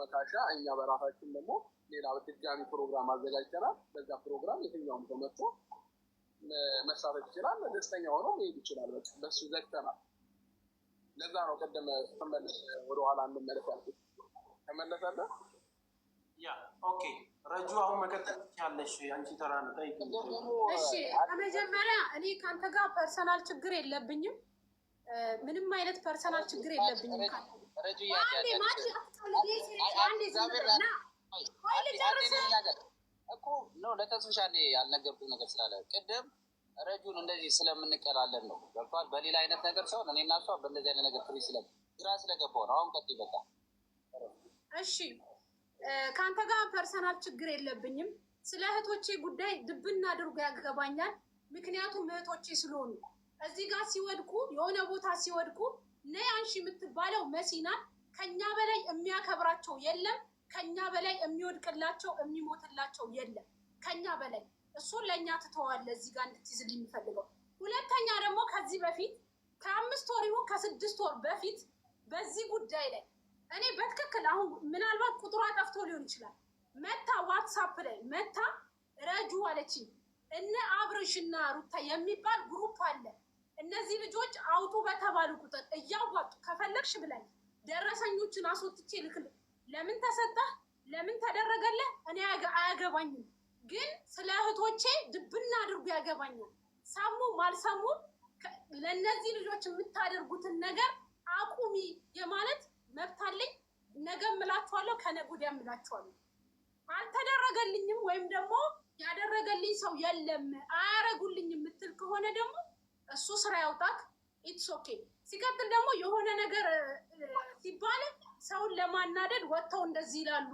መካሻ እኛ በራሳችን ደግሞ ሌላ ድጋሚ ፕሮግራም አዘጋጅተናል። በዛ ፕሮግራም የትኛውም ሰው መጥቶ መሳተፍ ይችላል። ደስተኛ ሆኖ መሄድ ይችላል። በሱ ዘግተናል። ለዛ ነው ቀደም ስመለስ ወደኋላ እንመለስ ያልኩት። ተመለሳለህ? ያ ኦኬ። ረጁ አሁን መቀጠል ያለሽ አንቺ ተራ ነው። እሺ፣ ከመጀመሪያ እኔ ከአንተ ጋር ፐርሰናል ችግር የለብኝም። ምንም አይነት ፐርሰናል ችግር የለብኝም። እኮ ነው ለተስብሻ ያልነገርኩት ነገር ስላለ ቅድም ረጁን እንደዚህ ስለምንቀላለን ነው ገብቷል። በሌላ አይነት ነገር ሰውን እኔ እና በእንደዚህ አይነት ነገር ፍሪ ስለ ግራ ስለገባው ነው። አሁን ቀጥ ይበቃል። እሺ ከአንተ ጋር ፐርሰናል ችግር የለብኝም። ስለ እህቶቼ ጉዳይ ድብና አድርጎ ያገባኛል። ምክንያቱም እህቶቼ ስለሆኑ እዚህ ጋር ሲወድቁ የሆነ ቦታ ሲወድቁ ነይ አንቺ የምትባለው መሲናት ከኛ በላይ የሚያከብራቸው የለም። ከኛ በላይ የሚወድቅላቸው የሚሞትላቸው የለም። ከኛ በላይ እሱን ለእኛ ትተዋለ። እዚህ ጋር እንድትይዝል የሚፈልገው ሁለተኛ ደግሞ ከዚህ በፊት ከአምስት ወር ይሁን ከስድስት ወር በፊት በዚህ ጉዳይ ላይ እኔ በትክክል አሁን ምናልባት ቁጥሯ ጠፍቶ ሊሆን ይችላል። መታ ዋትሳፕ ላይ መታ ረጁ አለችኝ። እነ አብርሽና ሩታ የሚባል ግሩፕ አለ ልጅ አውጡ በተባሉ ቁጥር እያዋጡ ከፈለግሽ ብለን ደረሰኞችን አስወጥቼ ልክል። ለምን ተሰጠህ ለምን ተደረገለህ እኔ አያገባኝም፣ ግን ስለ እህቶቼ ድብና አድርጉ ያገባኛል። ሰሙም አልሰሙም ለእነዚህ ልጆች የምታደርጉትን ነገር አቁሚ የማለት መብት አለኝ። ነገ እምላችኋለሁ፣ ከነገ ወዲያ አልተደረገልኝም ወይም ደግሞ ያደረገልኝ ሰው የለም አያረጉልኝ የምትል ከሆነ ደግሞ እሱ ስራ ያውጣት። ኢትስ ኦኬ። ሲቀጥል ደግሞ የሆነ ነገር ሲባል ሰውን ለማናደድ ወጥተው እንደዚህ ይላሉ።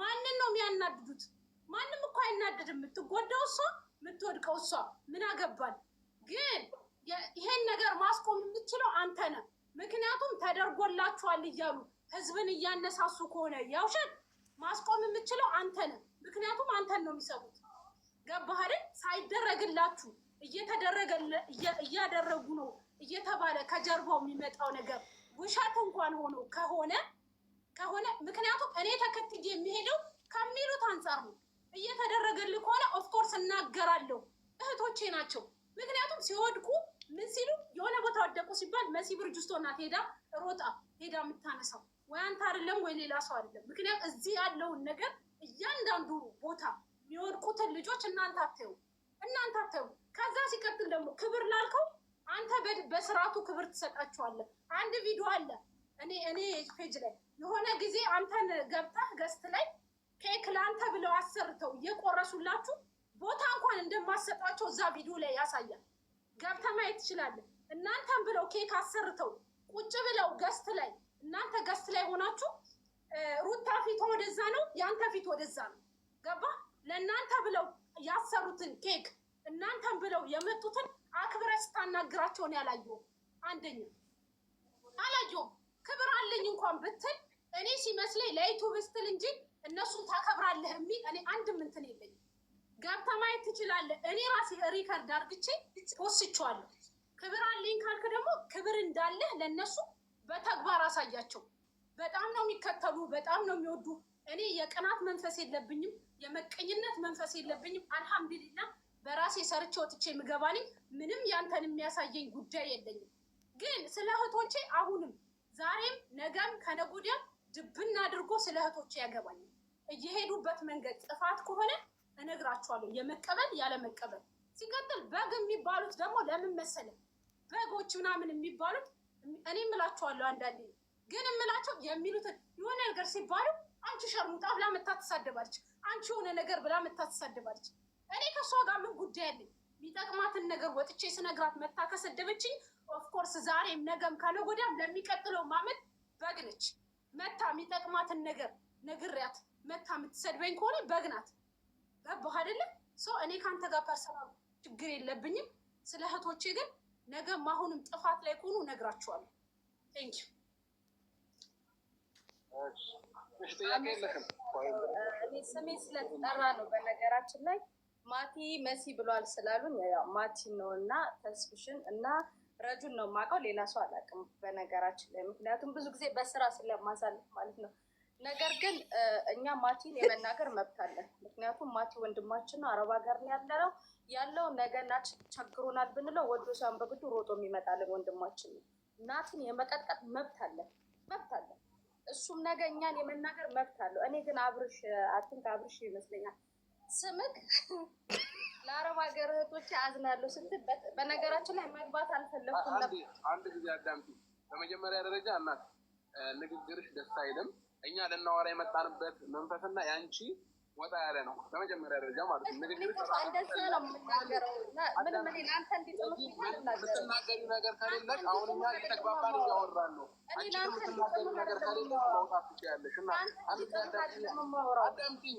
ማንን ነው የሚያናድዱት? ማንም እኮ አይናደድም። የምትጎዳው እሷ፣ የምትወድቀው እሷ። ምን አገባል? ግን ይሄን ነገር ማስቆም የምትችለው አንተ ነህ። ምክንያቱም ተደርጎላችኋል እያሉ ህዝብን እያነሳሱ ከሆነ የውሸት ማስቆም የምችለው አንተ ነህ። ምክንያቱም አንተን ነው የሚሰሩት። ገባህ አይደል? ሳይደረግላችሁ እየተደረገ እያደረጉ ነው እየተባለ ከጀርባው የሚመጣው ነገር ውሸት እንኳን ሆኖ ከሆነ ከሆነ ምክንያቱም እኔ ተከትዬ የሚሄደው ከሚሉት አንጻር ነው። እየተደረገልህ ከሆነ ኦፍኮርስ እናገራለሁ። እህቶቼ ናቸው። ምክንያቱም ሲወድቁ ምን ሲሉ የሆነ ቦታ ወደቁ ሲባል መሲ ብርጅስቶና ሄዳ ሮጣ ሄዳ የምታነሳው ወይ አንተ አይደለም ወይ ሌላ ሰው አይደለም። ምክንያቱም እዚህ ያለውን ነገር እያንዳንዱ ቦታ የሚወድቁትን ልጆች እናንተ አታዩ እናንተ አታዩ። ከዛ ሲቀጥል ደግሞ ክብር ላልከው አንተ በስርዓቱ ክብር ትሰጣችኋለህ። አንድ ቪዲዮ አለ እኔ እኔ ፔጅ ላይ የሆነ ጊዜ አንተን ገብተህ ገስት ላይ ኬክ ለአንተ ብለው አሰርተው እየቆረሱላችሁ ቦታ እንኳን እንደማሰጣቸው እዛ ቪዲዮ ላይ ያሳያል። ገብተህ ማየት ትችላለህ። እናንተን ብለው ኬክ አሰርተው ቁጭ ብለው ገስት ላይ እናንተ ገስት ላይ ሆናችሁ ሩታ ፊት ወደዛ ነው፣ የአንተ ፊት ወደዛ ነው። ገባ ለእናንተ ብለው ያሰሩትን ኬክ እናንተን ብለው የመጡትን አክብረሽ ስታናግራቸውን ያላየሁም አንደኛው አላየሁም። ክብር አለኝ እንኳን ብትል እኔ ሲመስለኝ ለዩቱብ ስትል እንጂ እነሱን ታከብራለህ የሚል እኔ አንድም እንትን የለኝም። ገብተህ ማየት ትችላለህ። እኔ ራሴ ሪከርድ አርግቼ ወስቼዋለሁ። ክብር አለኝ ካልክ ደግሞ ክብር እንዳለህ ለእነሱ በተግባር አሳያቸው። በጣም ነው የሚከተሉ፣ በጣም ነው የሚወዱ። እኔ የቅናት መንፈስ የለብኝም፣ የመቀኝነት መንፈስ የለብኝም። አልሐምዱሊላህ በራሴ ሰርቼ ወጥቼ የምገባኝ ምንም ያንተን የሚያሳየኝ ጉዳይ የለኝም። ግን ስለ እህቶቼ አሁንም ዛሬም ነገም ከነገ ድብና ድብን አድርጎ ስለ እህቶቼ ያገባኝ እየሄዱበት መንገድ ጥፋት ከሆነ እነግራቸዋለሁ፣ የመቀበል ያለመቀበል። ሲቀጥል በግ የሚባሉት ደግሞ ለምን መሰለ በጎች ምናምን የሚባሉት እኔ እምላቸዋለሁ አንዳንዴ ግን እምላቸው የሚሉትን የሆነ ነገር ሲባሉ አንቺ ሸርሙጣ ብላ መታ ትሳደባለች፣ አንቺ የሆነ ነገር ብላ መታ ትሳደባለች። እኔ ከእሷ ጋር ምን ጉዳይ አለኝ? የሚጠቅማትን ነገር ወጥቼ ስነግራት መታ ከሰደበችኝ፣ ኦፍኮርስ ዛሬም ነገም ካለ ወዲያም ለሚቀጥለው ማመት በግነች መታ የሚጠቅማትን ነገር ነግሪያት መታ የምትሰድበኝ ከሆነ በግናት። ገባህ አይደለም? ሰው እኔ ከአንተ ጋር ፐርሰናል ችግር የለብኝም። ስለ እህቶቼ ግን ነገም አሁንም ጥፋት ላይ ከሆኑ እነግራችኋለሁ። ቴንክ ዩ። ስሜ ስለተጠራ ነው በነገራችን ላይ ማቲ መሲ ብሏል ስላሉኝ ያው ማቲ ነው እና ተስብሽን እና ረጁን ነው የማውቀው፣ ሌላ ሰው አላውቅም በነገራችን ላይ ምክንያቱም ብዙ ጊዜ በስራ ስለማሳልፍ ማለት ነው። ነገር ግን እኛ ማቲን የመናገር መብት አለን። ምክንያቱም ማቲ ወንድማችን ነው፣ አረብ ሀገር ነው ያለነው ያለው ነገ ናት ቸግሮናል ብንለው ወዶ ሳይሆን በግዱ ሮጦ የሚመጣልን ወንድማችን ነው። ናትን የመቀጥቀጥ መብት አለን መብት አለን። እሱም ነገ እኛን የመናገር መብት አለው። እኔ ግን አብርሽ አትንክ አብርሽ ይመስለኛል ስምክ ለአረብ ሀገር እህቶች አዝናለሁ ስትበት በነገራችን ላይ መግባት አልፈለኩም። አንድ ጊዜ አዳምቲ በመጀመሪያ ደረጃ እናት ንግግርሽ ደስ አይልም። እኛ ልናወራ የመጣንበት መንፈስና የአንቺ ወጣ ያለ ነው። በመጀመሪያ ደረጃ ማለት ነው። እንደዚህ ነው የምናገረው። ምንም እኔ ለአንተ እንዲጥምትናገሪ ነገር ከሌለ አሁን እኛ ተግባባን እያወራን ነው። አንቺ የምትናገሪ ነገር ከሌለ መውጣት ትችያለሽ። እና አንድ አዳምጪኝ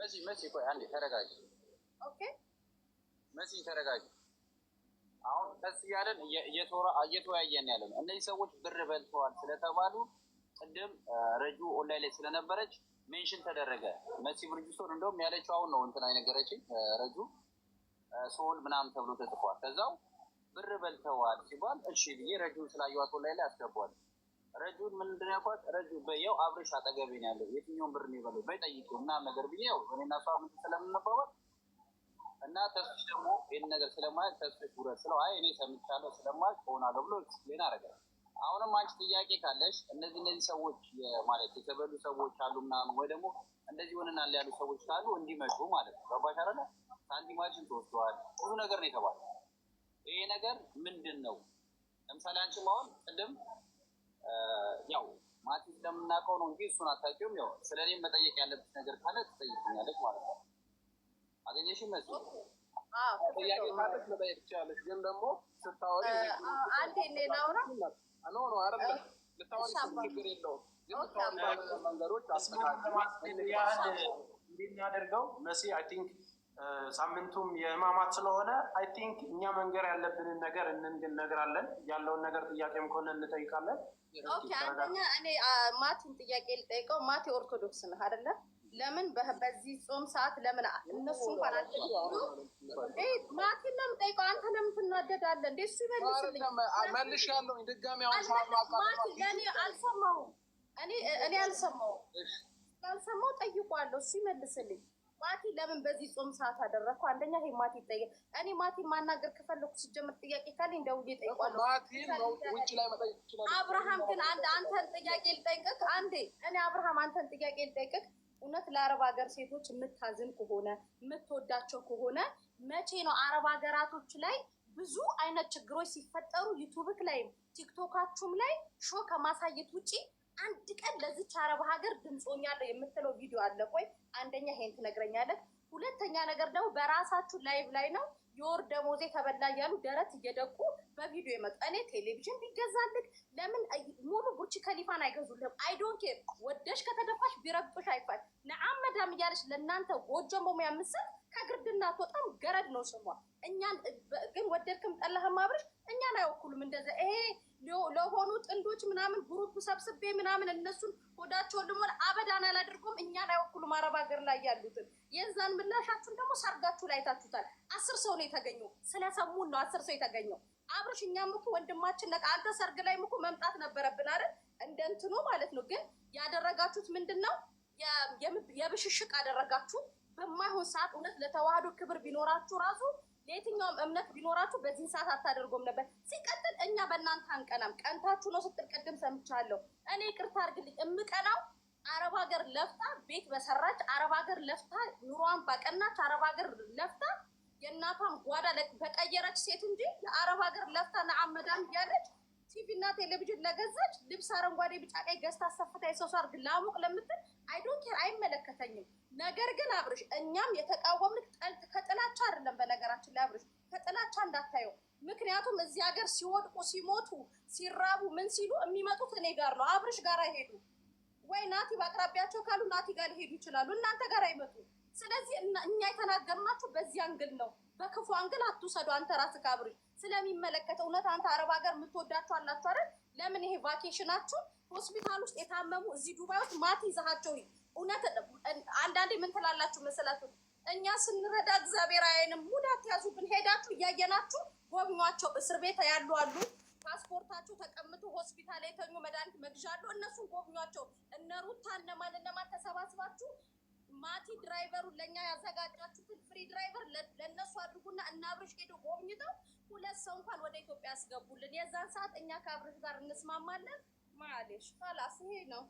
መሲ መሲ፣ ቆይ አንዴ ተረጋጊ። ኦኬ መሲ ተረጋጊ። አሁን ቀስ እያለን እየተወያየን ያለ ነው። እነዚህ ሰዎች ብር በልተዋል ስለተባሉ ቅድም ረጁ ኦንላይን ላይ ስለነበረች ሜንሽን ተደረገ። መሲ ብርጅስቶን እንደውም ያለችው አሁን ነው እንትና የነገረችኝ ረጁ ሶል ምናምን ተብሎ ተጽፏል። ከዛው ብር በልተዋል ሲባል እሺ ብዬ ረጁ ስላየዋት ኦንላይን ላይ አስገቧል። ረጁን ምንድን ያልኳት ረጁ በየው አብረሽ አጠገቤ ነው ያለው የትኛውን ብር ነው የበለው በይ ጠይቂው እና ነገር ብዬው እኔና እሷ ምን ስለምንባባል እና ተስፍሽ ደግሞ ይህን ነገር ስለማያል ተስፍሽ ውረድ ስለው አይ እኔ ሰምቻለሁ ስለማያል ሆናለሁ ብሎ ስፕሌን አደረጋል። አሁንም አንቺ ጥያቄ ካለሽ እነዚህ እነዚህ ሰዎች ማለት የተበሉ ሰዎች አሉ ምናምን ወይ ደግሞ እንደዚህ ሆነናል ያሉ ሰዎች ካሉ እንዲመጡ ማለት ነው። ገባሽ አይደለ? ሳንቲማችን ተወስደዋል ብዙ ነገር ነው የተባለ። ይሄ ነገር ምንድን ነው? ለምሳሌ አንቺም አሁን ቅድም ያው ማቲ እንደምናውቀው ነው እንጂ እሱን አታውቂውም። ያው ስለ እኔም መጠየቅ ያለብሽ ነገር ካለ ትጠይቅኛለች ማለት ነው። አገኘሽ መ ጥያቄ መጠየቅ ትችላለች። ግን ደግሞ ስታወሪ አንዴ ሌላውራ ኖ ኖ ልታወሪ ችግር የለውም። ግን መንገዶች እንዲናደርገው መሲ አይ ቲንክ ሳምንቱም የህማማት ስለሆነ አይ ቲንክ እኛ መንገር ያለብንን ነገር እንነግራለን። ያለውን ነገር ጥያቄም ከሆነ እንጠይቃለን። አንደኛ እኔ ማቲን ጥያቄ ልጠይቀው። ማቲ ኦርቶዶክስ ነህ አይደለ? ለምን በዚህ ጾም ሰዓት ለምን እነሱ እንኳን ማቲን ነው የምጠይቀው። አንተ ለምን ትናደዳለህ እንዴ? እሱ ይመልስልኝ። ያለው ድጋሚ ለእኔ አልሰማሁም። እኔ አልሰማሁም። ያልሰማው ጠይቋለሁ። እሱ ይመልስልኝ ማቲ ለምን በዚህ ጾም ሰዓት አደረግኩ? አንደኛ ይሄ ማቲ ይጠይቅ። እኔ ማቲ ማናገር ከፈለኩ ሲጀምር ጥያቄ ካለኝ ደውዬ እጠይቃለሁ። አብርሃም ግን አንድ አንተን ጥያቄ ልጠይቅህ። አንዴ እኔ አብርሃም አንተን ጥያቄ ልጠይቅህ። እውነት ለአረብ ሀገር ሴቶች የምታዝን ከሆነ የምትወዳቸው ከሆነ መቼ ነው አረብ ሀገራቶች ላይ ብዙ አይነት ችግሮች ሲፈጠሩ ዩቱብክ ላይም ቲክቶካችሁም ላይ ሾ ከማሳየት ውጪ አንድ ቀን ለዚች አረብ ሀገር ድምፆኛለሁ የምትለው ቪዲዮ አለ? ቆይ አንደኛ ይሄን ትነግረኛለህ። ሁለተኛ ነገር ደግሞ በራሳችሁ ላይቭ ላይ ነው የወር ደሞዜ ተበላ እያሉ ደረት እየደቁ በቪዲዮ የመጡ እኔ ቴሌቪዥን ቢገዛልህ ለምን ሙሉ ቡርች ከሊፋን አይገዙልህም? አይዶን ኬር ወደሽ ከተደፋሽ ቢረግጡሽ አይፋል ነአመዳም እያለች ለእናንተ ጎጆ መሙያ ምስል ከግርድና አትወጣም። ገረድ ነው ስሟ። እኛን ግን ወደድክም ጠላህም አብረሽ እኛን አይወኩሉም። እንደዚ ይሄ ለሆኑ ጥንዶች ምናምን ግሩፕ ሰብስቤ ምናምን እነሱን ሆዳቸውን ደግሞ አበዳን አላደርጎም። እኛን አይወክሉም። አረብ ሀገር ላይ ያሉትን የዛን ምላሻችሁን ደግሞ ሰርጋችሁ ላይ ታችሁታል። አስር ሰው ነው የተገኘው። ስለሰሙን ነው አስር ሰው የተገኘው። አብርሽ እኛም እኮ ወንድማችን ነቃ። አንተ ሰርግ ላይ እኮ መምጣት ነበረብን አይደል? እንደ እንትኑ ማለት ነው። ግን ያደረጋችሁት ምንድን ነው? የብሽሽቅ አደረጋችሁ። በማይሆን ሰዓት እውነት ለተዋህዶ ክብር ቢኖራችሁ ራሱ ለየትኛውም እምነት ቢኖራችሁ በዚህን ሰዓት አታደርጎም ነበር። ሲቀጥል እኛ በእናንተ አንቀናም። ቀንታችሁ ነው ስትል ቅድም ሰምቻለሁ። እኔ ቅርታ አድርግልኝ፣ እምቀናው አረብ ሀገር ለፍታ ቤት በሰራች አረብ ሀገር ለፍታ ኑሯን ባቀናች አረብ ሀገር ለፍታ የእናቷን ጓዳ በቀየረች ሴት እንጂ የአረብ ሀገር ለፍታ ለአመዳም እያለች ቲቪ እና ቴሌቪዥን ለገዛች ልብስ አረንጓዴ፣ ቢጫ፣ ቀይ ገዝታ አሰፍታ የሰው ሰርግ ላሙቅ ለምትል አይ ዶንት ኬር አይመለከተኝም። ነገር ግን አብርሽ እኛም የተቃወምንክ ከጥላቻ አይደለም። በነገራችን ላይ አብርሽ ከጥላቻ እንዳታየው። ምክንያቱም እዚህ ሀገር ሲወድቁ ሲሞቱ ሲራቡ ምን ሲሉ የሚመጡት እኔ ጋር ነው፣ አብርሽ ጋር አይሄዱ ወይ ናቲ በአቅራቢያቸው ካሉ ናቲ ጋር ሊሄዱ ይችላሉ፣ እናንተ ጋር አይመጡ። ስለዚህ እኛ የተናገርናችሁ በዚህ አንግል ነው። በክፉ አንግል አትውሰዱ። አንተ ራስ ካብሪ ስለሚመለከተ እውነት አንተ አረብ ሀገር የምትወዳችሁ አላችሁ አይደል? ለምን ይሄ ቫኬሽናችሁ ሆስፒታል ውስጥ የታመሙ እዚህ ዱባይ ውስጥ ማት ይዛሃቸው። እውነት አንዳንዴ ምን ትላላችሁ መሰላችሁ? እኛ ስንረዳ እግዚአብሔር አይንም ሙዳት ያዙብን። ሄዳችሁ እያየናችሁ ጎብኟቸው። እስር ቤት ያሉ አሉ፣ ፓስፖርታችሁ ተቀምጦ ሆስፒታል የተኙ መድኃኒት መግዣ አሉ። እነሱን ጎብኟቸው። እነ ሩታ እነማን እነማን ተሰባስባችሁ ማቲ ድራይቨሩ ለእኛ ያዘጋጃችሁትን ፍሪ ድራይቨር ለእነሱ አድርጉና እና አብርሽ ሄዶ ጎብኝተው ሁለት ሰው እንኳን ወደ ኢትዮጵያ ያስገቡልን። የዛን ሰዓት እኛ ከአብርሽ ጋር እንስማማለን። ማለሽ ካላስ ይሄ ነው።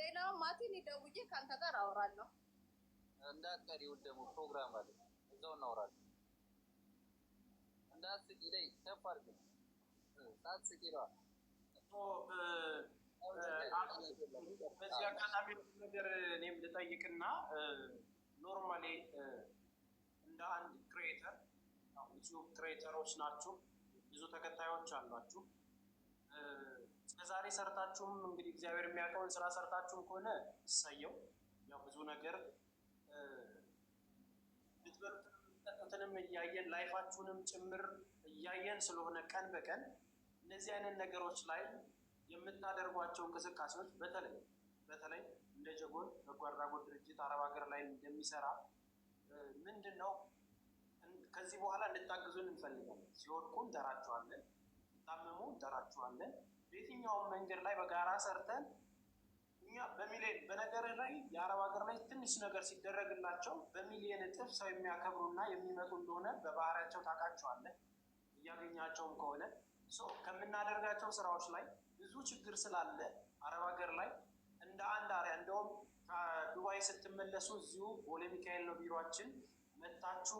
ሌላው ማቲን ደውዬ ካንተ ጋር አወራለሁ። እንዳትቀሪው ደግሞ ፕሮግራም አለ እዛው እናወራለን። እንዳትስቂ ላይ ከፍ አድርጊ። ሳትስቂ ነው በዚህ አጋጣሚ ነገር እኔም ልጠይቅና ኖርማሊ እንደ አንድ ክሬተር ዩቲዩብ ክሬተሮች ናችሁ፣ ብዙ ተከታዮች አሏችሁ ሰርታችሁም እንግዲህ እግዚአብሔር የሚያውቀውን ስራ ሰርታችሁም ከሆነ እሰየው። ያው ብዙ ነገር ልትበሉትንም እያየን ላይፋችሁንም ጭምር እያየን ስለሆነ ቀን በቀን እነዚህ አይነት ነገሮች ላይ የምታደርጓቸው እንቅስቃሴዎች በተለይ በተለይ እንደ ጀጎል በጎ አድራጎት ድርጅት አረብ ሀገር ላይ እንደሚሰራ ምንድን ነው ከዚህ በኋላ እንድታግዙን እንፈልጋለን። ሲወድቁ እንጠራችኋለን፣ ሲታመሙ እንጠራችኋለን። በየትኛውም መንገድ ላይ በጋራ ሰርተን እኛ በሚሊዮን በነገር ላይ የአረብ ሀገር ላይ ትንሽ ነገር ሲደረግላቸው በሚሊዮን እጥፍ ሰው የሚያከብሩና የሚመጡ እንደሆነ በባህሪያቸው ታውቃቸዋለህ። እያገኛቸውም ከሆነ ከምናደርጋቸው ስራዎች ላይ ብዙ ችግር ስላለ አረብ ሀገር ላይ እንደ አንድ አሪያ እንደውም ከዱባይ ስትመለሱ እዚሁ ቦሌ ሚካኤል ነው ቢሮችን መታችሁ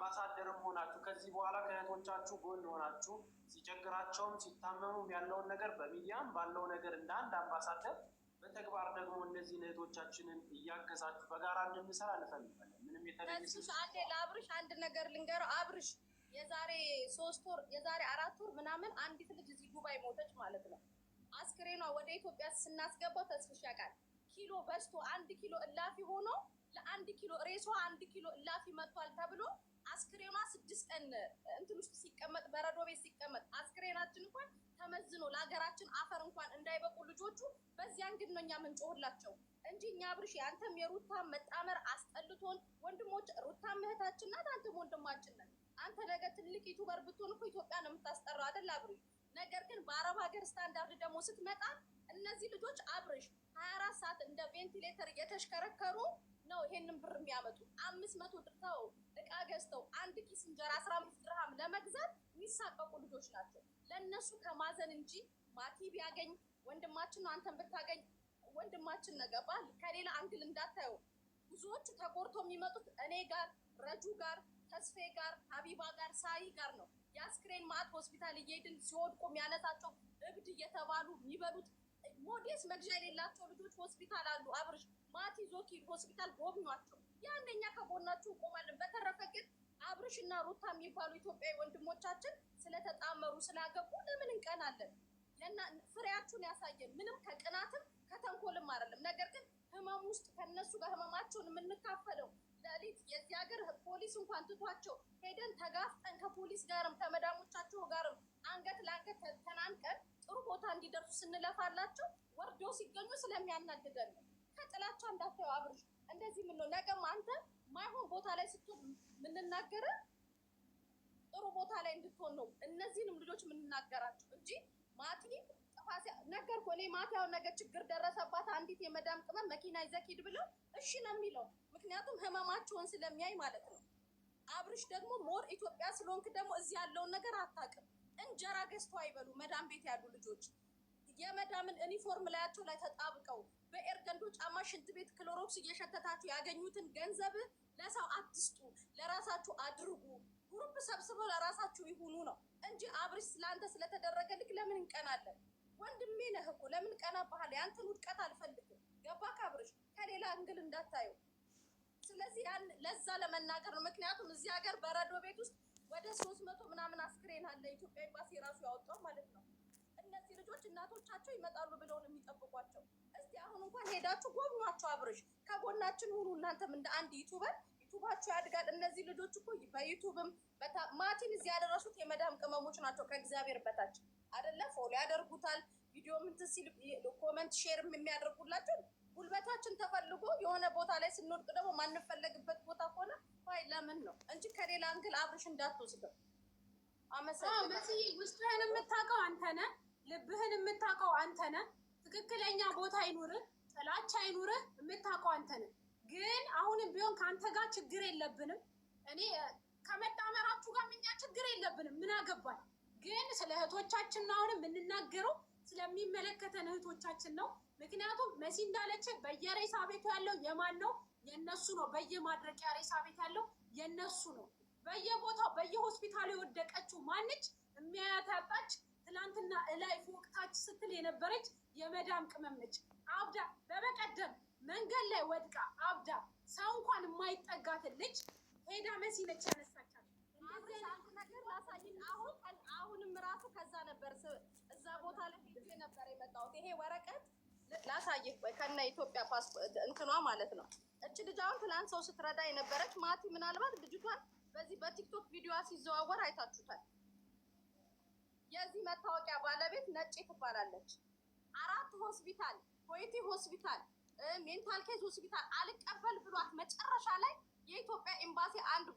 አምባሳደርም ሆናችሁ ከዚህ በኋላ ከእህቶቻችሁ ጎን ሆናችሁ ሲቸግራቸውም ሲታመሙም ያለውን ነገር በሚዲያም ባለው ነገር እንደ አንድ አምባሳደር በተግባር ደግሞ እነዚህን እህቶቻችንን እያገዛችሁ በጋራ እንድንሰራ እንፈልጋለን። ምንም አንዴ ለአብርሽ አንድ ነገር ልንገረው። አብርሽ የዛሬ ሶስት ወር የዛሬ አራት ወር ምናምን አንዲት ልጅ እዚህ ዱባይ ሞተች ማለት ነው። አስክሬኗ ወደ ኢትዮጵያ ስናስገባው ተስፍሽ ያውቃል ኪሎ በዝቶ አንድ ኪሎ እላፊ ሆኖ ለአንድ ኪሎ ሬሶ አንድ ኪሎ እላፊ አስክሬኗ ስድስት ቀን እንትን ውስጥ ሲቀመጥ በረዶ ቤት ሲቀመጥ አስክሬናችን እንኳን ተመዝኖ ለሀገራችን አፈር እንኳን እንዳይበቁ ልጆቹ በዚያን ግን ነው እኛ ምንጮህላቸው እንጂ እኛ ብርሽ አንተም የሩታ መጣመር አስጠልቶን፣ ወንድሞች ሩታ እህታችን ናት፣ አንተም ወንድማችን ነን። አንተ ነገ ትልቅ ዩቱበር ብትሆን እኮ ነው የምታስጠራው አይደል አብርሽ? ነገር ግን በአረብ ሀገር ስታንዳርድ ደግሞ ስትመጣ እነዚህ ልጆች አብርሽ ሀያ አራት ሰዓት እንደ ቬንቲሌተር እየተሽከረከሩ ነው ይሄንን ብር የሚያመጡ አምስት መቶ ድርተው እቃ ገዝተው አንድ ኪስ እንጀራ አስራ አምስት ድርሃም ለመግዛት የሚሳቀቁ ልጆች ናቸው። ለእነሱ ከማዘን እንጂ ማቲ ቢያገኝ ወንድማችን ነው አንተን ብታገኝ ወንድማችን ነገባ ከሌላ አንግል እንዳታየው። ብዙዎቹ ተቆርቶ የሚመጡት እኔ ጋር፣ ረጁ ጋር፣ ተስፌ ጋር፣ ሀቢባ ጋር፣ ሳይ ጋር ነው የአስክሬን ማዕት ሆስፒታል እየሄድን ሲወድቁ የሚያነሳቸው እብድ እየተባሉ የሚበሉት ሞዴስ መግዣ የሌላቸው ልጆች ሆስፒታል አሉ። አብርሽ ማቲ ዞኪ ሆስፒታል ጎብኟቸው። ያንደኛ ከጎናችሁ እቆማለን። በተረፈ ግን አብርሽ እና ሩታ የሚባሉ ኢትዮጵያዊ ወንድሞቻችን ስለተጣመሩ ስላገቡ ለምን እንቀናለን? ፍሬያችሁን ያሳየን። ምንም ከቅናትም ከተንኮልም አይደለም። ነገር ግን ህመም ውስጥ ከነሱ ጋር ህመማቸውን የምንካፈለው ለሊት የዚህ ሀገር ፖሊስ እንኳን ትቷቸው ሄደን ተጋፍጠን ከፖሊስ ጋርም ከመዳሞቻቸው ጋርም አንገት ለአንገት ተናንቀን ጥሩ ቦታ እንዲደርሱ ስንለፋላቸው ወርደው ሲገኙ ስለሚያናድደን ነው። ከጥላቻ እንዳታየው አብርሽ፣ እንደዚህ ምን ነው ነገም አንተ ማይሆን ቦታ ላይ ስትሆን የምንናገር ጥሩ ቦታ ላይ እንድትሆን ነው። እነዚህንም ልጆች የምንናገራቸው እንጂ ማቲ ነገርኩ እኔ ማቲ ያው ነገ ችግር ደረሰባት አንዲት የመዳም ቅመም መኪና ይዘኪድ ብለው እሺ ነው የሚለው ምክንያቱም ህመማቸውን ስለሚያይ ማለት ነው። አብርሽ ደግሞ ሞር ኢትዮጵያ ስለሆንክ ደግሞ እዚህ ያለውን ነገር አታውቅም። እንጀራ ገዝተው አይበሉ። መዳም ቤት ያሉ ልጆች የመዳምን ዩኒፎርም ላያቸው ላይ ተጣብቀው በኤርገንዶ ጫማ ሽንት ቤት ክሎሮክስ እየሸተታችሁ ያገኙትን ገንዘብ ለሰው አትስጡ፣ ለራሳችሁ አድርጉ። ጉሩብ ሰብስበው ለራሳችሁ ይሁኑ ነው እንጂ አብርሽ ስለአንተ ስለተደረገ ልክ ለምን እንቀናለን? ወንድሜ ነህ እኮ ለምን ቀና ባህል ያንተን ውድቀት አልፈልግም። ገባህ አብርሽ? ከሌላ እንግል እንዳታየው። ስለዚህ ያን ለዛ ለመናገር ነው። ምክንያቱም እዚህ ሀገር በረዶ ቤት ውስጥ ወደ ሶስት መቶ ምናምን አስክሬን አለ ኢትዮጵያ ኤምባሲ ራሱ ያወጣው ማለት ነው። እነዚህ ልጆች እናቶቻቸው ይመጣሉ ብለውን የሚጠብቋቸው። እስቲ አሁን እንኳን ሄዳችሁ ጎብኗቸው፣ አብርሽ ከጎናችን ሁኑ። እናንተም እንደ አንድ ዩቱበር ዩቱባቸው ያድጋል። እነዚህ ልጆች እኮ በዩቱብም ማቲን እዚህ ያደረሱት የመዳም ቅመሞች ናቸው። ከእግዚአብሔር በታች አደለ ፎሎ ያደርጉታል። ቪዲዮ ምንት ሲል ኮመንት ሼርም የሚያደርጉላቸው ጉልበታችን ተፈልጎ የሆነ ቦታ ላይ ስንወድቅ ደግሞ ማንፈለግበት ቦታ ከሆነ ዋይ ለምን ነው እንጂ ከሌላ አንግል አብርሽ እንዳትወስደው። አመሰግናለሁ ውስጥህን የምታውቀው አንተ ነህ፣ ልብህን የምታውቀው አንተ ነህ። ትክክለኛ ቦታ አይኑርህ፣ ጥላቻ አይኑርህ፣ የምታውቀው አንተ ነህ። ግን አሁንም ቢሆን ከአንተ ጋር ችግር የለብንም። እኔ ከመጣመራችሁ ጋር እኛ ችግር የለብንም። ምን አገባል? ግን ስለ እህቶቻችን ነው አሁንም የምንናገረው፣ ስለሚመለከተን እህቶቻችን ነው። ምክንያቱም መሲ እንዳለች በየሬሳ ቤቱ ያለው የማን ነው የነሱ ነው። በየማድረቂያ ሬሳ ቤት ያለው የነሱ ነው። በየቦታው በየሆስፒታሉ የወደቀችው ማንች የሚያያት ያጣች ትላንትና እላይ ፎቅ ስትል የነበረች የመዳም ቅመም አብዳ በበቀደም መንገድ ላይ ወድቃ አብዳ ሰው እንኳን የማይጠጋት ልጅ ሄዳ መሲ ነች ያነሳቻል። ነገር ላሳይን። አሁን አሁንም ራሱ ከዛ ነበር እዛ ቦታ ላይ ነበር የመጣሁት። ይሄ ወረቀት ላሳይህ ከነ ኢትዮጵያ ፓስፖርት እንትኗ ማለት ነው እች ልጅ አሁን ትናንት ሰው ስትረዳ የነበረች ማቲ ምናልባት ልጅቷን በዚህ በቲክቶክ ቪዲዮ ሲዘዋወር አይታችሁታል። የዚህ መታወቂያ ባለቤት ነጭ ትባላለች። አራት ሆስፒታል፣ ኮይቲ ሆስፒታል፣ ሜንታል ኬዝ ሆስፒታል አልቀበል ብሏት መጨረሻ ላይ የኢትዮጵያ ኤምባሲ አንድ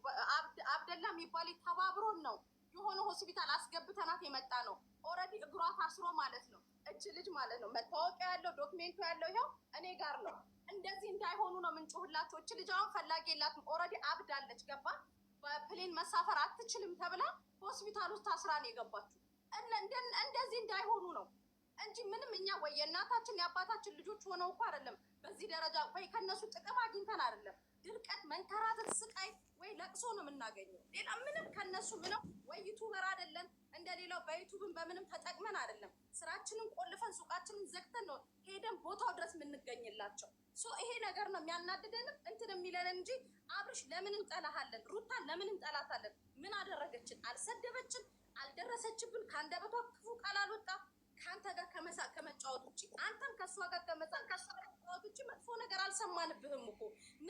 አብደላ የሚባል ተባብሮን ነው የሆነ ሆስፒታል አስገብተናት የመጣ ነው። ኦልሬዲ እግሯ ታስሮ ማለት ነው እች ልጅ ማለት ነው። መታወቂያ ያለው ዶክሜንቱ ያለው ይኸው እኔ ጋር ነው። እንደዚህ ነው የምንጮህላት። ወች ልጅ አሁን ፈላጊ የላትም። ኦልሬዲ አብዳለች። ገባ በፕሌን መሳፈር አትችልም ተብላ ሆስፒታል ውስጥ ታስራ ነው የገባችው። እንደዚህ እንዳይሆኑ ነው እንጂ ምንም እኛ ወይ የእናታችን የአባታችን ልጆች ሆነው እኮ አይደለም በዚህ ደረጃ ወይ ከነሱ ጥቅም አግኝተን አይደለም። ድርቀት፣ መንከራተት፣ ስቃይ ወይ ለቅሶ ነው የምናገኘው። ሌላ ምንም ከነሱ ምነው ወይ ዩቱበር አይደለን እንደሌላው በዩቱብን በምንም ተጠቅመን አይደለም። ስራችንን ቆልፈን ሱቃችንን ዘግተን ነው ሄደን ቦታው ድረስ የምንገኝላቸው። ሶ ይሄ ነገር ነው የሚያናድደንም እንትን የሚለን እንጂ አብርሽ ለምን እንጠላሃለን? ሩታን ለምን እንጠላታለን? ምን አደረገችን? አልሰደበችን፣ አልደረሰችብን፣ ከአንደበቷ ክፉ ቃል አልወጣ ከአንተ ጋር ከመሳ ከመጫወት ውጭ አንተም ከእሷ ጋር ከመሳ ከእሷ ጋር ከመጫወት ውጭ መጥፎ ነገር አልሰማንብህም እኮ።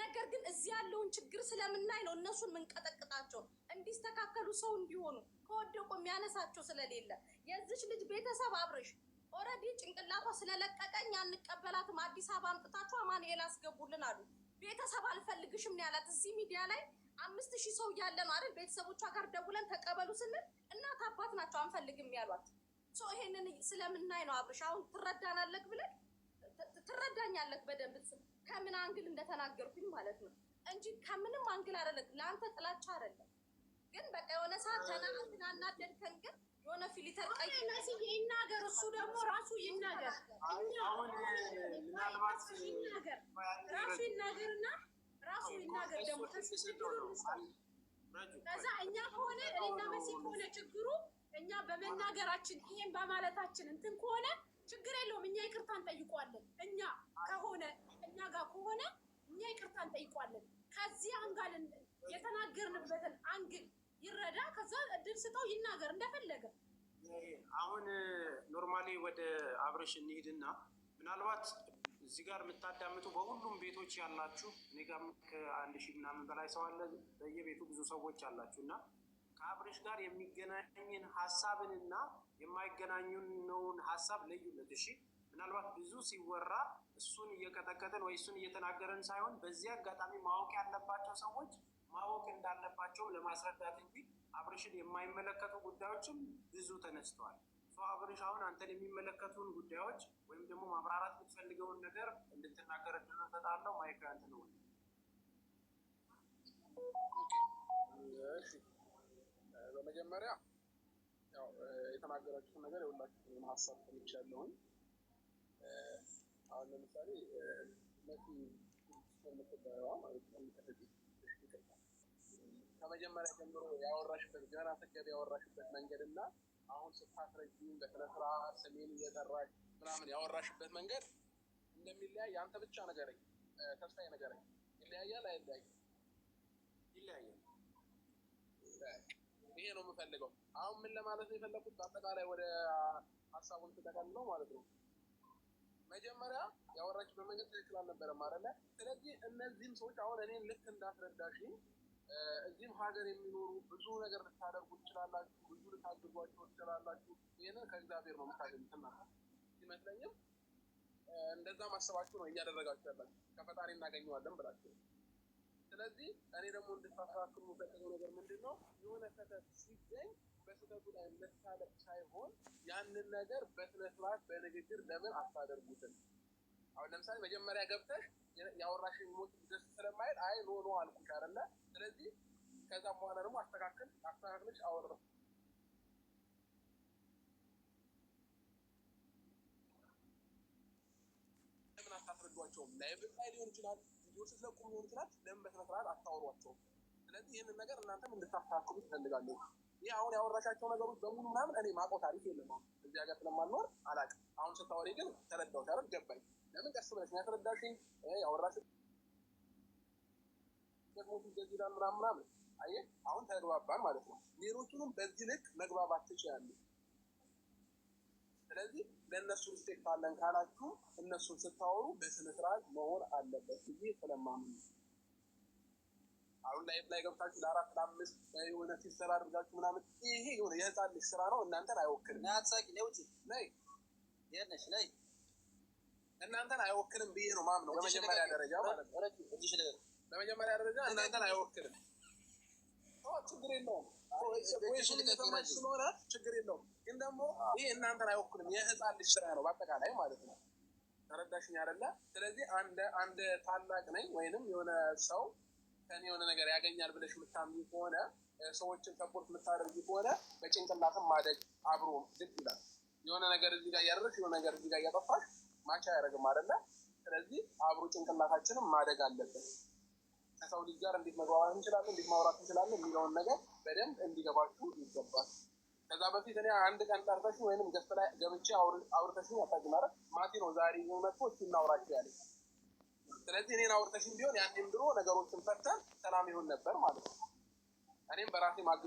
ነገር ግን እዚህ ያለውን ችግር ስለምናይ ነው እነሱን የምንቀጠቅጣቸው እንዲስተካከሉ ሰው እንዲሆኑ ከወደቁ የሚያነሳቸው ስለሌለ የዚች ልጅ ቤተሰብ አብርሽ ኦልሬዲ ጭንቅላቷ ስለለቀቀኝ አንቀበላትም፣ አዲስ አበባ አምጥታችሁ አማኑኤል አስገቡልን አሉ። ቤተሰብ አልፈልግሽም ያላት። እዚህ ሚዲያ ላይ አምስት ሺህ ሰው እያለ ነው አይደል? ቤተሰቦቿ ጋር ደውለን ተቀበሉ ስንል እናት አባት ናቸው አንፈልግም ያሏት። ይሄንን ስለምናይ ነው አብርሽ፣ አሁን ትረዳናለክ ብለን ትረዳኛለክ በደንብ ከምን አንግል እንደተናገርኩኝ ማለት ነው እንጂ ከምንም አንግል አይደለም። ለአንተ ጥላቻ አይደለም፣ ግን በቃ የሆነ ሰዓት ተናናደድከን ግን የሆነ ፊልተር ቀይ ይናገር፣ እሱ ደግሞ ራሱ ይናገር፣ ራሱ ይናገር እና ራሱ ይናገር ደግሞ ከዛ እኛ ከሆነ እኔና መሲ ከሆነ ችግሩ እኛ በመናገራችን ይሄን በማለታችን እንትን ከሆነ ችግር የለውም። እኛ ይቅርታ እንጠይቋለን። እኛ ከሆነ እኛ ጋር ከሆነ እኛ ይቅርታ እንጠይቋለን። ከዚህ አንጋልን የተናገርንበትን አንግል ይረዳ፣ ከዛ እድል ስጠው፣ ይናገር እንደፈለገ። አሁን ኖርማሊ ወደ አብረሽ እንሂድና ምናልባት እዚህ ጋር የምታዳምጡ በሁሉም ቤቶች ያላችሁ እኔ ከአንድ ሺህ ምናምን በላይ ሰው አለ። በየቤቱ ብዙ ሰዎች አላችሁ እና ከአብረሽ ጋር የሚገናኝን ሀሳብንና የማይገናኙነውን ሀሳብ ለዩለት። እሺ ምናልባት ብዙ ሲወራ እሱን እየቀጠቀጠን ወይ እሱን እየተናገረን ሳይሆን በዚህ አጋጣሚ ማወቅ ያለባቸው ሰዎች ማወቅ እንዳለባቸው ለማስረዳት እንጂ አብርሽን የማይመለከቱ ጉዳዮችም ብዙ ተነስተዋል። አብርሽ አሁን አንተን የሚመለከቱን ጉዳዮች ወይም ደግሞ ማብራራት የምትፈልገውን ነገር እንድትናገር እድል ሰጣለው። ማይክ ያንተ ነው። በመጀመሪያ ያው የተናገራችሁትን ነገር የሁላችሁንም ሀሳብ ተምቻለሁኝ። አሁን ለምሳሌ መሲ ምትባለዋ ማለት ነው ከመጀመሪያ ጀምሮ ያወራሽበት ገና ስትገቢ ያወራሽበት መንገድ እና አሁን ስታስረጅም በስነ ስርዓት ስሜን እየጠራሽ ምናምን ያወራሽበት መንገድ እንደሚለያይ አንተ ብቻ ነገረኝ፣ ተስፋዬ ነገረኝ። ይለያያል? አይለያይም? ይለያያል። ይሄ ነው የምፈልገው። አሁን ምን ለማለት ነው የፈለኩት፣ በአጠቃላይ ወደ ሀሳቡን ትጠቀልለው ማለት ነው። መጀመሪያ ያወራችበት መንገድ ትክክል አልነበረም አይደለ? ስለዚህ እነዚህም ሰዎች አሁን እኔን ልክ እንዳስረዳሽኝ እዚህም ሀገር የሚኖሩ ብዙ ነገር ልታደርጉ ትችላላችሁ፣ ብዙ ልታግዟቸው ትችላላችሁ። ይህንን ከእግዚአብሔር ነው የምታገኙት። እና እንደዛ ማሰባችሁ ነው እያደረጋችሁ ያላችሁ ከፈጣሪ እናገኘዋለን ብላችሁ። ስለዚህ እኔ ደግሞ እንድታስተካክሉ የምፈልገው ነገር ምንድን ነው? የሆነ ስህተት ሲገኝ በስህተቱ ላይ መሳለቅ ሳይሆን ያንን ነገር በስነስርዓት በንግግር ለምን አታደርጉትን አሁን ለምሳሌ መጀመሪያ ገብተሽ የአወራሽ ሞት ደስ ስለማይል አይ ኖ ኖ አልኩሽ አይደለ? ስለዚህ ከዛም በኋላ ደግሞ አስተካክል አስተካክልሽ አወራ ለምን አታስረዷቸውም? ላይቭ ላይ ሊሆን ይችላል፣ ቪዲዮ ስትለቁም ሊሆን ይችላል። ለምን በስነስርዓት አታወሯቸውም? ስለዚህ ይህንን ነገር እናንተም እንድታስተካክሉ ይፈልጋለሁ። ይህ አሁን ያወራሻቸው ነገሮች በሙሉ ምናምን እኔ ማቆ ታሪክ የለም። አሁን እዚህ ሀገር ስለማልኖር አላውቅም። አሁን ስታወሪ ግን ተረዳሁሽ አይደል? ገባኝ። ለምን ቀስ ብለሽ ያስረዳሽኝ ያወራሽ ደግሞ ገዚዳ ምናምን ምናምን። አየህ አሁን ተግባባን ማለት ነው። ሌሎቹንም በዚህ ልክ መግባባት ትችያለሽ። ስለዚህ ለእነሱ ሪስፔክት አለን ካላችሁ እነሱን ስታወሩ በስነስርዓት መሆን አለበት ብዬ ስለማምን ነው። አሁን ላይፍ ላይ ገብታችሁ ለአራት ለአምስት የሆነ ሲሰራ አድርጋችሁ ምናምን ይሄ የሆነ የህፃን ልጅ ስራ ነው። እናንተን አይወክልም። ነ ውጭ ነሽ ነይ እናንተን አይወክልም ብዬ ነው ነው በመጀመሪያ ደረጃ ማለት ነው። በመጀመሪያ ደረጃ እናንተን አይወክልም። ችግር የለውም ስለሆነ ችግር የለውም። ግን ደግሞ ይህ እናንተን አይወክልም። የህፃን ልጅ ስራ ነው በአጠቃላይ ማለት ነው። ተረዳሽኝ አይደለ? ስለዚህ አንድ ታላቅ ነኝ ወይንም የሆነ ሰው ከኔ የሆነ ነገር ያገኛል ብለሽ የምታምኝ ከሆነ ሰዎችን ሰፖርት የምታደርጊ ከሆነ በጭንቅላትም ማደግ አብሮ ልብ ይላል። የሆነ ነገር እዚህ ጋር እያደረግሽ የሆነ ነገር እዚህ ጋር እያጠፋሽ ማቻ አያደርግም አይደለ? ስለዚህ አብሮ ጭንቅላታችንም ማደግ አለብን። ከሰው ልጅ ጋር እንዴት መግባባት እንችላለን፣ እንዴት ማውራት እንችላለን የሚለውን ነገር በደንብ እንዲገባችሁ ይገባል። ከዛ በፊት እኔ አንድ ቀን ጠርተሽ ወይም ገስት ላይ ገብቼ አውርተሽ ያታጅ ማቲ ነው ዛሬ መጥቶ እናውራቸው ያለች ስለዚህ እኔን አውርተሽም ቢሆን ያኔም ድሮ ነገሮችን ፈተን ሰላም ይሆን ነበር ማለት ነው። እኔም በራሴ ማግ